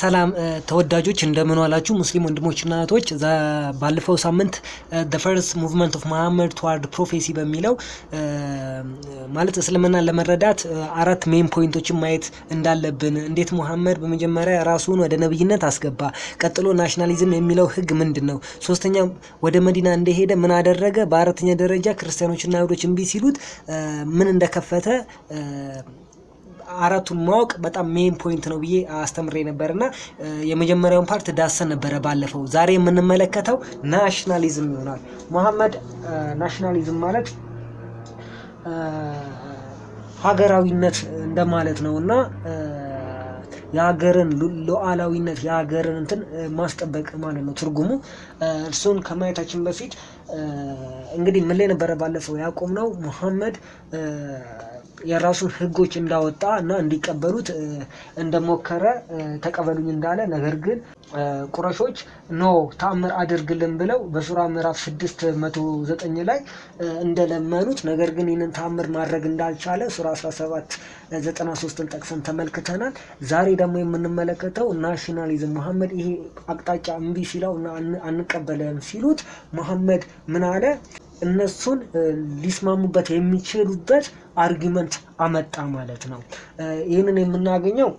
ሰላም ተወዳጆች እንደምን ዋላችሁ ሙስሊም ወንድሞችና እህቶች። ባለፈው ሳምንት ዘ ፈርስት ሙቭመንት ኦፍ መሐመድ ቱዋርድ ፕሮፌሲ በሚለው ማለት እስልምና ለመረዳት አራት ሜን ፖይንቶችን ማየት እንዳለብን፣ እንዴት ሙሐመድ በመጀመሪያ ራሱን ወደ ነብይነት አስገባ፣ ቀጥሎ ናሽናሊዝም የሚለው ህግ ምንድን ነው፣ ሶስተኛ ወደ መዲና እንደሄደ ምን አደረገ፣ በአራተኛ ደረጃ ክርስቲያኖችና አይሁዶች እምቢ ሲሉት ምን እንደከፈተ አራቱን ማወቅ በጣም ሜን ፖይንት ነው ብዬ አስተምሬ ነበር እና የመጀመሪያውን ፓርት ዳሰን ነበረ ባለፈው። ዛሬ የምንመለከተው ናሽናሊዝም ይሆናል። መሐመድ ናሽናሊዝም ማለት ሀገራዊነት እንደማለት ነው እና የሀገርን ሉዓላዊነት የሀገርን እንትን ማስጠበቅ ማለት ነው ትርጉሙ። እርሱን ከማየታችን በፊት እንግዲህ ምን ላይ ነበረ ባለፈው ያቆም ነው ሙሐመድ የራሱን ህጎች እንዳወጣ እና እንዲቀበሉት እንደሞከረ ተቀበሉኝ እንዳለ፣ ነገር ግን ቁረሾች ኖ ተአምር አድርግልን ብለው በሱራ ምዕራፍ ስድስት መቶ ዘጠኝ ላይ እንደለመኑት፣ ነገር ግን ይህንን ተአምር ማድረግ እንዳልቻለ ሱራ 17 ዘጠና ሶስትን ጠቅሰን ተመልክተናል። ዛሬ ደግሞ የምንመለከተው ናሽናሊዝም መሐመድ ይሄ አቅጣጫ እምቢ ሲለው እና አንቀበለም ሲሉት መሐመድ ምን አለ? እነሱን ሊስማሙበት የሚችሉበት አርጊመንት አመጣ ማለት ነው። ይህንን የምናገኘው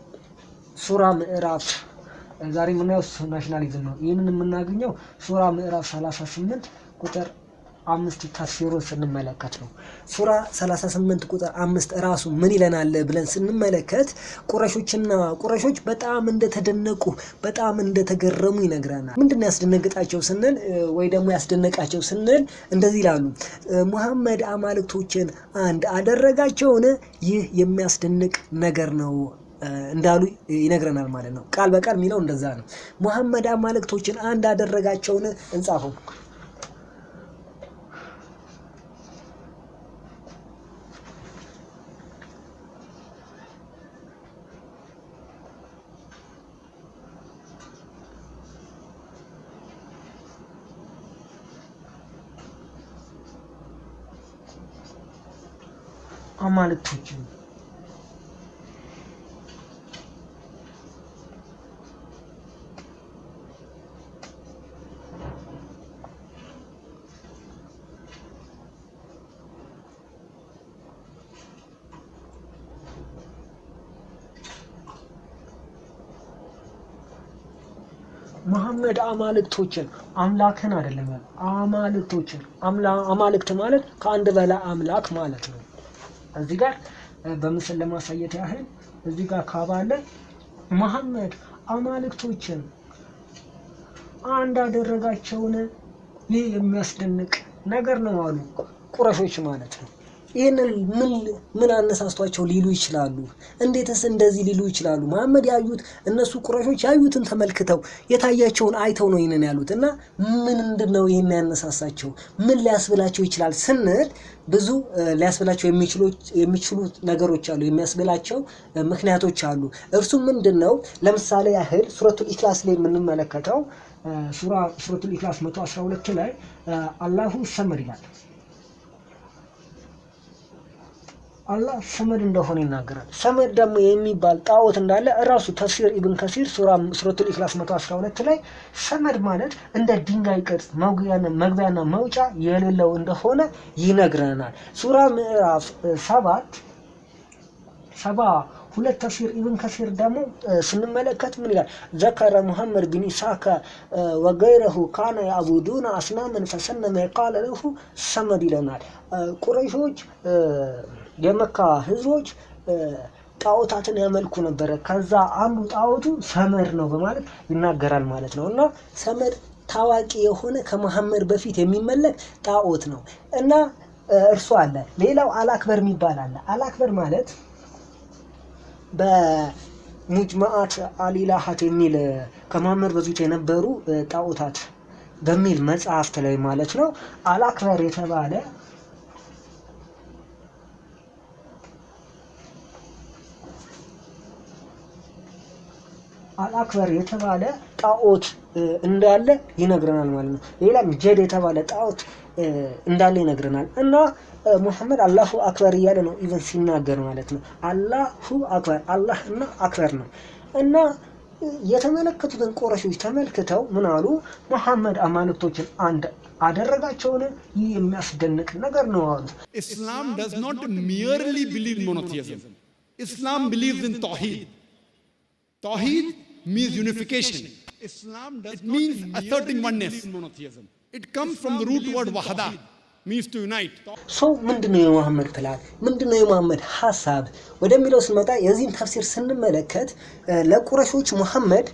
ሱራ ምዕራፍ ዛሬ የምናየው ናሽናሊዝም ነው። ይህንን የምናገኘው ሱራ ምዕራፍ 38 ቁጥር አምስት ተፍሲሩን ስንመለከት ነው። ሱራ 38 ቁጥር አምስት ራሱ ምን ይለናል ብለን ስንመለከት ቁረሾችና ቁረሾች በጣም እንደተደነቁ በጣም እንደተገረሙ ይነግረናል። ምንድን ያስደነግጣቸው ስንል ወይ ደግሞ ያስደነቃቸው ስንል እንደዚህ ይላሉ፣ ሙሐመድ አማልክቶችን አንድ አደረጋቸውን ይህ የሚያስደንቅ ነገር ነው እንዳሉ ይነግረናል ማለት ነው። ቃል በቃል የሚለው እንደዛ ነው። ሙሐመድ አማልክቶችን አንድ አደረጋቸውን እንጻፈው አማልክቶችን መሐመድ አማልክቶችን አምላክን አይደለም አማልክቶችን አማልክት ማለት ከአንድ በላይ አምላክ ማለት ነው እዚህ ጋር በምስል ለማሳየት ያህል እዚህ ጋር ካባ አለ። መሐመድ አማልክቶችን አንድ አደረጋቸውን። ይህ የሚያስደንቅ ነገር ነው አሉ ቁረሾች ማለት ነው። ይህንን ምን ምን አነሳስቷቸው ሊሉ ይችላሉ? እንዴትስ እንደዚህ ሊሉ ይችላሉ? መሐመድ ያዩት እነሱ ቁረሾች ያዩትን ተመልክተው የታያቸውን አይተው ነው ይህንን ያሉት እና ምንድን ነው ይህን ያነሳሳቸው? ምን ሊያስብላቸው ይችላል ስንል ብዙ ሊያስብላቸው የሚችሉ ነገሮች አሉ፣ የሚያስብላቸው ምክንያቶች አሉ። እርሱ ምንድን ነው? ለምሳሌ ያህል ሱረቱል ኢክላስ ላይ የምንመለከተው ሱረቱል ኢክላስ መቶ አስራ ሁለት ላይ አላሁ ሰመድ ይላል አላህ ሰመድ እንደሆነ ይናገራል። ሰመድ ደግሞ የሚባል ጣዖት እንዳለ እራሱ ተፍሲር ኢብን ከሲር ሱራ ሱረቱል ኢኽላስ 112 ላይ ሰመድ ማለት እንደ ድንጋይ ቅርጽ መግቢያና መውጫ የሌለው እንደሆነ ይነግረናል። ሱራ ምዕራፍ ሰባት ሰባ ሁለት ተፍሲር ኢብን ከሲር ደግሞ ስንመለከት ምን ይላል? ዘከረ ሙሐመድ ብን ኢሳከ ወገይረሁ ካነ ያዕቡዱነ አስናምን ፈሰነመ ቃለ ለሁ ሰመድ ይለናል። ቁረይሾች የመካ ህዝቦች ጣዖታትን ያመልኩ ነበረ። ከዛ አንዱ ጣዖቱ ሰመር ነው በማለት ይናገራል ማለት ነው። እና ሰመር ታዋቂ የሆነ ከመሐመድ በፊት የሚመለክ ጣዖት ነው እና እርሱ አለ። ሌላው አላክበር የሚባል አለ። አላክበር ማለት በሙጅማአት አሊላሀት የሚል ከመሐመድ በፊት የነበሩ ጣዖታት በሚል መጽሐፍት ላይ ማለት ነው አላክበር የተባለ አላክበር የተባለ ጣዖት እንዳለ ይነግረናል ማለት ነው። ሌላም ጀድ የተባለ ጣዖት እንዳለ ይነግረናል እና ሙሐመድ አላሁ አክበር እያለ ነው ኢቨን ሲናገር ማለት ነው። አላሁ አክበር አላህ እና አክበር ነው እና የተመለከቱትን ቆረሾች ተመልክተው ምን አሉ? ሙሐመድ አማልክቶችን አንድ አደረጋቸውን? ይህ የሚያስደንቅ ነገር ነው አሉ። ኢስላም ዶዝ ኖት ቢሊቭ ሞኖቴይዝም ኢስላም ቢሊቭ ኢን ተውሂድ ተውሂድ means unification. Islam does it means asserting oneness. Monotheism. It comes from the root word wahada. ሰው ምንድነው የመሐመድ ፕላን ምንድነው የመሐመድ ሀሳብ ወደሚለው ስንመጣ የዚህን ተፍሲር ስንመለከት ለቁረሾች መሐመድ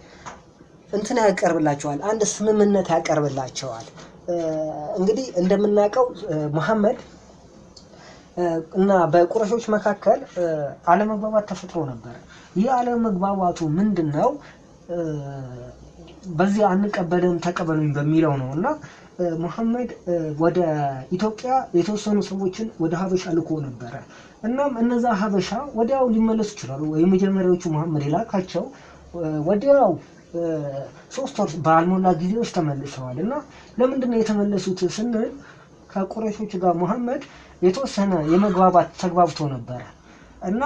እንትን ያቀርብላቸዋል፣ አንድ ስምምነት ያቀርብላቸዋል። እንግዲህ እንደምናውቀው መሐመድ እና በቁረሾች መካከል አለመግባባት ተፈጥሮ ነበር። ይህ አለመግባባቱ ምንድን ነው? በዚህ አንቀበልም ተቀበሉኝ በሚለው ነው እና መሐመድ ወደ ኢትዮጵያ የተወሰኑ ሰዎችን ወደ ሀበሻ ልኮ ነበረ። እናም እነዛ ሀበሻ ወዲያው ሊመለሱ ይችላሉ። የመጀመሪያዎቹ መሐመድ የላካቸው ወዲያው ሶስት ወር ባልሞላ ጊዜዎች ተመልሰዋል። እና ለምንድን ነው የተመለሱት ስንል ከቁረሾች ጋር መሐመድ የተወሰነ የመግባባት ተግባብቶ ነበረ እና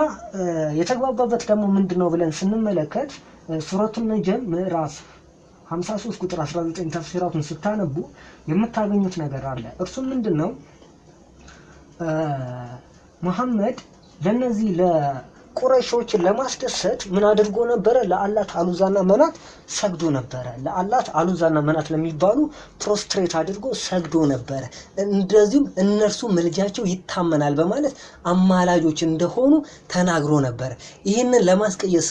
የተግባባበት ደግሞ ምንድን ነው ብለን ስንመለከት ሱረቱን ነጀም ምዕራፍ 53 ቁጥር 19 ተፍሲራቱን ስታነቡ የምታገኙት ነገር አለ። እርሱም ምንድን ነው? መሐመድ ለነዚህ ቁረሾችን ለማስደሰት ምን አድርጎ ነበረ? ለአላት አሉዛና መናት ሰግዶ ነበረ። ለአላት አሉዛና መናት ለሚባሉ ፕሮስትሬት አድርጎ ሰግዶ ነበረ። እንደዚሁም እነርሱ ምልጃቸው ይታመናል በማለት አማላጆች እንደሆኑ ተናግሮ ነበረ። ይህንን ለማስቀየስ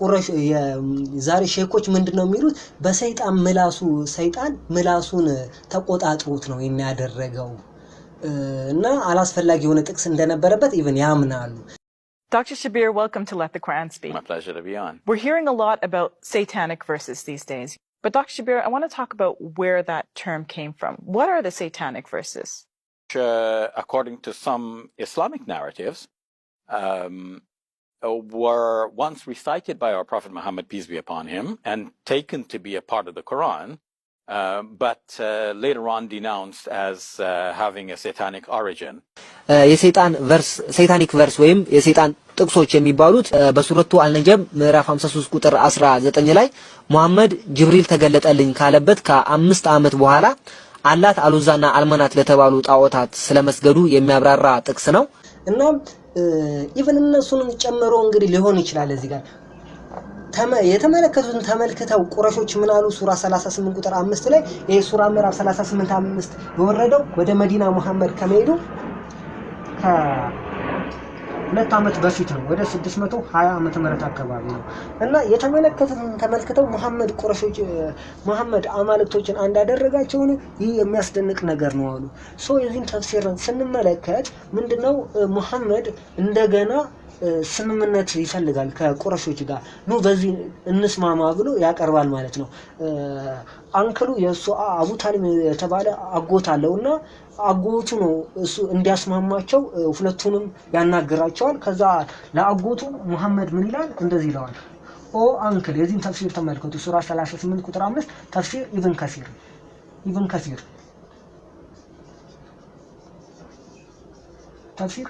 ቁረሽ የዛሬ ሼኮች ምንድን ነው የሚሉት? በሰይጣን ምላሱ ሰይጣን ምላሱን ተቆጣጥሮት ነው የሚያደረገው እና አላስፈላጊ የሆነ ጥቅስ እንደነበረበት ኢቨን ያምናሉ። Dr. Shabir, welcome to Let the Quran Speak. My pleasure to be on. We're hearing a lot about satanic verses these days. But Dr. Shabir, I want to talk about where that term came from. What are the satanic verses? Uh, according to some Islamic narratives, um, uh, were once recited by our Prophet Muhammad, peace be upon him, and taken to be a part of the Quran Uh, uh, uh, ሰይጣኒክ ቨርስ ወይም የሰይጣን ጥቅሶች የሚባሉት በሱረቱ አልነጀም ምዕራፍ 53 ቁጥር 19 ላይ ሙሐመድ ጅብሪል ተገለጠልኝ ካለበት ከአምስት ዓመት በኋላ አላት አሉዛና አልመናት ለተባሉ ጣዖታት ስለመስገዱ የሚያብራራ ጥቅስ ነው። እና ኢቨን እነሱንም ጨምሮ እንግዲህ ሊሆን ይችላል እዚህ ጋር የተመለከቱትን ተመልክተው ቁረሾች ምን አሉ? ሱራ 38 ቁጥር አምስት ላይ ይህ ሱራ ምዕራፍ 38 አምስት የወረደው ወደ መዲና መሐመድ ከመሄዱ ሁለት ዓመት በፊት ነው። ወደ 620 ዓመተ ምህረት አካባቢ ነው እና የተመለከቱትን ተመልክተው መሐመድ ቁረሾች መሐመድ አማልክቶችን እንዳደረጋቸውን ይህ የሚያስደንቅ ነገር ነው አሉ። ሶ የዚህን ተፍሲርን ስንመለከት ምንድነው መሐመድ እንደገና ስምምነት ይፈልጋል ከቁረሾች ጋር ኑ በዚህ እንስማማ ብሎ ያቀርባል ማለት ነው። አንክሉ የእሱ አቡ ታሊብ የተባለ አጎት አለው እና አጎቱ ነው እሱ እንዲያስማማቸው ሁለቱንም ያናግራቸዋል። ከዛ ለአጎቱ ሙሐመድ ምን ይላል? እንደዚህ ይለዋል። ኦ አንክል፣ የዚህን ተፍሲር ተመልከቱ። ሱራ 38 ቁጥር 5 ተፍሲር ኢብን ከሲር ኢብን ከሲር ተፍሲር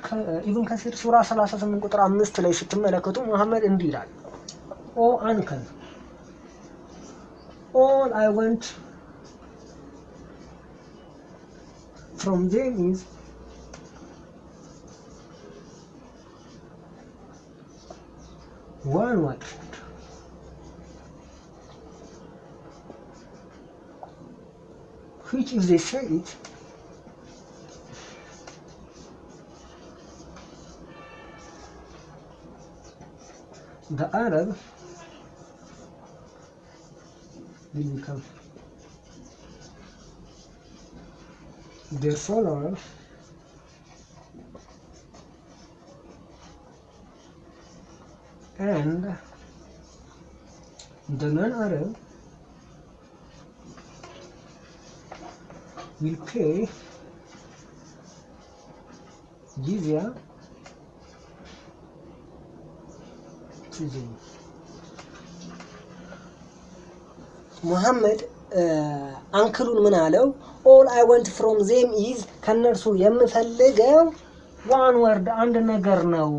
ኢብን ከሲር ሱራ 38 ቁጥር 5 ላይ ስትመለከቱ ሙሐመድ እንዲህ ይላል ኦ አንክል all I want from them is one white Which if they say it, the Arab will The therefore and the non arrow will pay jizya to ሙሐመድ አንክሉን ምን አለው? ኦል አይ ወንት ፍሮም ዜም ኢዝ ከእነርሱ የምፈልገው ዋን ወርድ አንድ ነገር ነው፣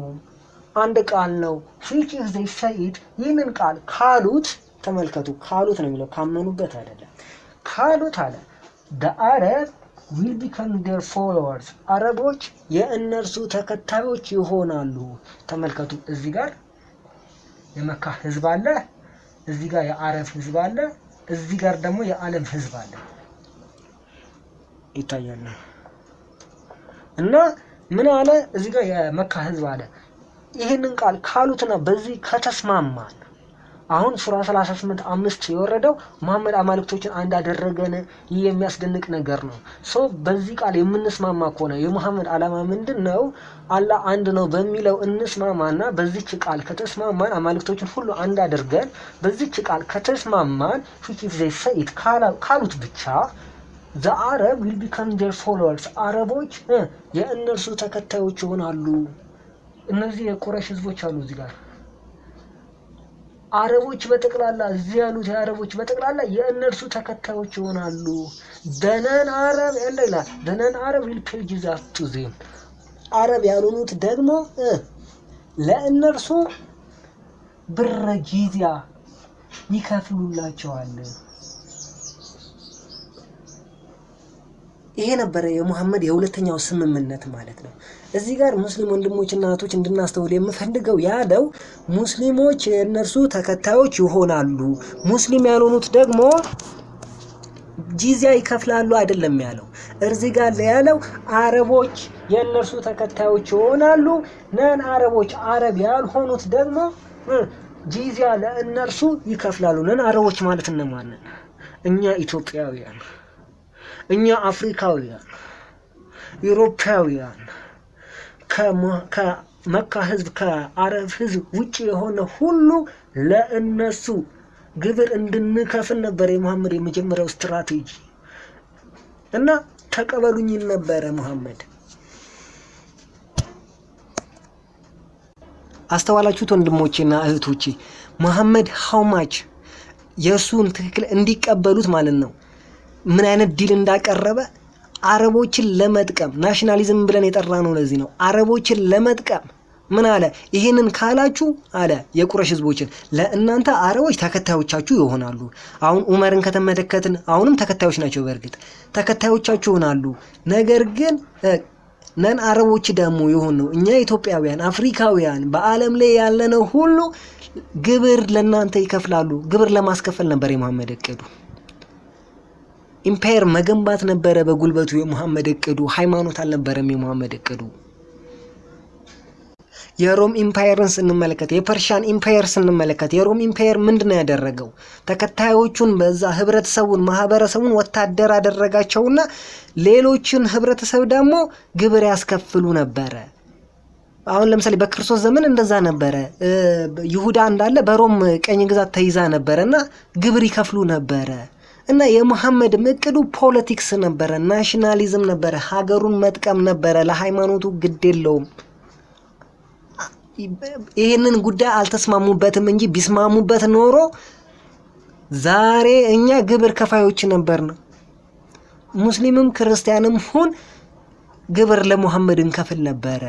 አንድ ቃል ነው። ፊች ዘ ሰኢድ ይህንን ቃል ካሉት፣ ተመልከቱ፣ ካሉት ነው የሚለው ካመኑበት አይደለም። ካሉት አለ አረብ ዊል ቢከም ዴር ፎሎወርስ አረቦች የእነርሱ ተከታዮች ይሆናሉ። ተመልከቱ፣ እዚህ ጋር የመካ ህዝብ አለ፣ እዚህ ጋር የአረብ ህዝብ አለ። እዚህ ጋር ደግሞ የዓለም ህዝብ አለ ይታያል። እና ምን አለ እዚህ ጋር የመካ ህዝብ አለ። ይህንን ቃል ካሉትና በዚህ ከተስማማ አሁን ሱራ 38 አምስት የወረደው መሐመድ አማልክቶችን አንድ ይህ የሚያስደንቅ ነገር ነው። ሰው በዚህ ቃል የምንስማማ ከሆነ የመሐመድ ዓላማ ምንድን ነው? አላህ አንድ ነው በሚለው እንስማማና በዚች ቃል ከተስማማን አማልክቶችን ሁሉ አንድ በዚች ቃል ከተስማማን ፊት ዘይሰኢድ ካሉት ብቻ አረብ ዊል ቢከም ዴር ፎሎወርስ አረቦች የእነርሱ ተከታዮች ይሆናሉ። እነዚህ የቁረሽ ህዝቦች አሉ እዚህ ጋር አረቦች በጠቅላላ እዚህ ያሉት የአረቦች በጠቅላላ የእነርሱ ተከታዮች ይሆናሉ። ደነን አረብ እንደ ደነን አረብ ሂልፔጅ ዛቱ ዜም አረብ ያልሆኑት ደግሞ ለእነርሱ ብረ ጊዜያ ይከፍሉላቸዋል። ይሄ ነበረ የሙሐመድ የሁለተኛው ስምምነት ማለት ነው። እዚህ ጋር ሙስሊም ወንድሞችና እህቶች እንድናስተውል የምፈልገው ያለው ሙስሊሞች የእነርሱ ተከታዮች ይሆናሉ፣ ሙስሊም ያልሆኑት ደግሞ ጂዚያ ይከፍላሉ አይደለም ያለው። እዚህ ጋር ያለው አረቦች የእነርሱ ተከታዮች ይሆናሉ፣ ነን አረቦች አረብ ያልሆኑት ደግሞ ጂዚያ ለእነርሱ ይከፍላሉ። ነን አረቦች ማለት እነማንን? እኛ ኢትዮጵያውያን፣ እኛ አፍሪካውያን፣ ኢሮፓውያን ከመካ ህዝብ ከአረብ ህዝብ ውጭ የሆነ ሁሉ ለእነሱ ግብር እንድንከፍል ነበር የመሐመድ የመጀመሪያው ስትራቴጂ እና ተቀበሉኝ ነበረ መሐመድ። አስተዋላችሁት ወንድሞቼና እህቶቼ መሐመድ ሀውማች የእሱን ትክክል እንዲቀበሉት ማለት ነው ምን አይነት ዲል እንዳቀረበ አረቦችን ለመጥቀም ናሽናሊዝም ብለን የጠራ ነው። ለዚህ ነው አረቦችን ለመጥቀም ምን አለ? ይህንን ካላችሁ አለ የቁረሽ ህዝቦችን ለእናንተ አረቦች ተከታዮቻችሁ ይሆናሉ። አሁን ዑመርን ከተመለከትን አሁንም ተከታዮች ናቸው። በእርግጥ ተከታዮቻችሁ ይሆናሉ። ነገር ግን ነን አረቦች ደግሞ የሆን ነው እኛ ኢትዮጵያውያን፣ አፍሪካውያን በዓለም ላይ ያለነው ሁሉ ግብር ለእናንተ ይከፍላሉ። ግብር ለማስከፈል ነበር የመሐመድ እቅዱ። ኢምፓየር መገንባት ነበረ በጉልበቱ የሙሐመድ እቅዱ። ሃይማኖት አልነበረም የሙሐመድ እቅዱ። የሮም ኢምፓየርን ስንመለከት የፐርሻን ኢምፓየር ስንመለከት የሮም ኢምፓየር ምንድን ነው ያደረገው? ተከታዮቹን በዛ ህብረተሰቡን ማህበረሰቡን ወታደር አደረጋቸውና ሌሎችን ህብረተሰብ ደግሞ ግብር ያስከፍሉ ነበረ። አሁን ለምሳሌ በክርስቶስ ዘመን እንደዛ ነበረ። ይሁዳ እንዳለ በሮም ቀኝ ግዛት ተይዛ ነበረ እና ግብር ይከፍሉ ነበረ። እና የመሐመድም እቅዱ ፖለቲክስ ነበረ፣ ናሽናሊዝም ነበረ፣ ሀገሩን መጥቀም ነበረ። ለሃይማኖቱ ግድ የለውም። ይህንን ጉዳይ አልተስማሙበትም እንጂ ቢስማሙበት ኖሮ ዛሬ እኛ ግብር ከፋዮች ነበር ነው። ሙስሊምም ክርስቲያንም ሁን ግብር ለሙሐመድ እንከፍል ነበረ።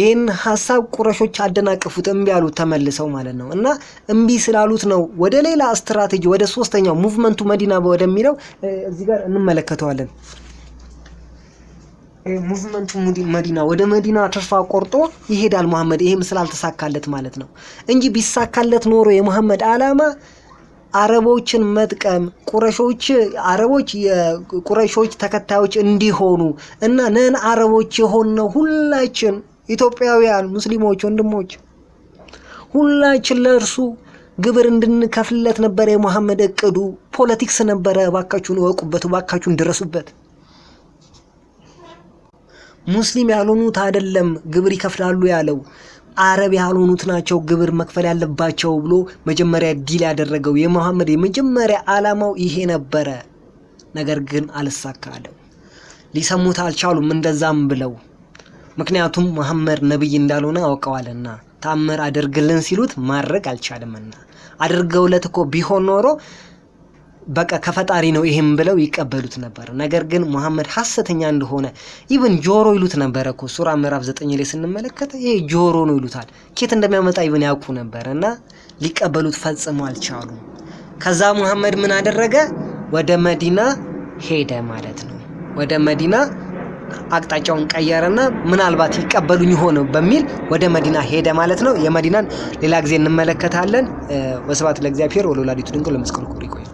ይህን ሀሳብ ቁረሾች አደናቀፉት፣ እምቢ አሉት ተመልሰው ማለት ነው። እና እምቢ ስላሉት ነው ወደ ሌላ ስትራቴጂ ወደ ሶስተኛው ሙቭመንቱ መዲና ወደሚለው እዚህ ጋር እንመለከተዋለን። ሙቭመንቱ መዲና ወደ መዲና ተስፋ ቆርጦ ይሄዳል መሐመድ። ይሄም ስላልተሳካለት ማለት ነው እንጂ ቢሳካለት ኖሮ የመሐመድ አላማ አረቦችን መጥቀም ቁረሾች አረቦች የቁረሾች ተከታዮች እንዲሆኑ እና ነን አረቦች የሆነ ሁላችን ኢትዮጵያውያን ሙስሊሞች ወንድሞች ሁላችን ለእርሱ ግብር እንድንከፍለት ነበረ የመሐመድ እቅዱ። ፖለቲክስ ነበረ። ባካችሁን እወቁበት፣ ባካችሁን ድረሱበት። ሙስሊም ያልሆኑት አይደለም ግብር ይከፍላሉ ያለው አረብ ያልሆኑት ናቸው ግብር መክፈል ያለባቸው ብሎ መጀመሪያ ዲል ያደረገው የመሐመድ የመጀመሪያ ዓላማው ይሄ ነበረ። ነገር ግን አልሳካለም። ሊሰሙት አልቻሉም። እንደዛም ብለው ምክንያቱም መሐመድ ነቢይ እንዳልሆነ አውቀዋልና ታምር አድርግልን ሲሉት ማድረግ አልቻልምና አድርገውለት እኮ ቢሆን ኖሮ በቃ ከፈጣሪ ነው ይህም ብለው ይቀበሉት ነበር። ነገር ግን መሐመድ ሐሰተኛ እንደሆነ ኢብን ጆሮ ይሉት ነበረ እኮ ሱራ ምዕራፍ ዘጠኝ ላይ ስንመለከተ ይሄ ጆሮ ነው ይሉታል። ኬት እንደሚያመጣ ኢብን ያውቁ ነበር እና ሊቀበሉት ፈጽሞ አልቻሉም። ከዛ መሐመድ ምን አደረገ? ወደ መዲና ሄደ ማለት ነው። ወደ መዲና አቅጣጫውን ቀየረና ምናልባት ይቀበሉኝ ይሆን በሚል ወደ መዲና ሄደ ማለት ነው። የመዲናን ሌላ ጊዜ እንመለከታለን። ወስብሐት ለእግዚአብሔር ወለወላዲቱ ድንግል ለመስቀሉ ክቡር።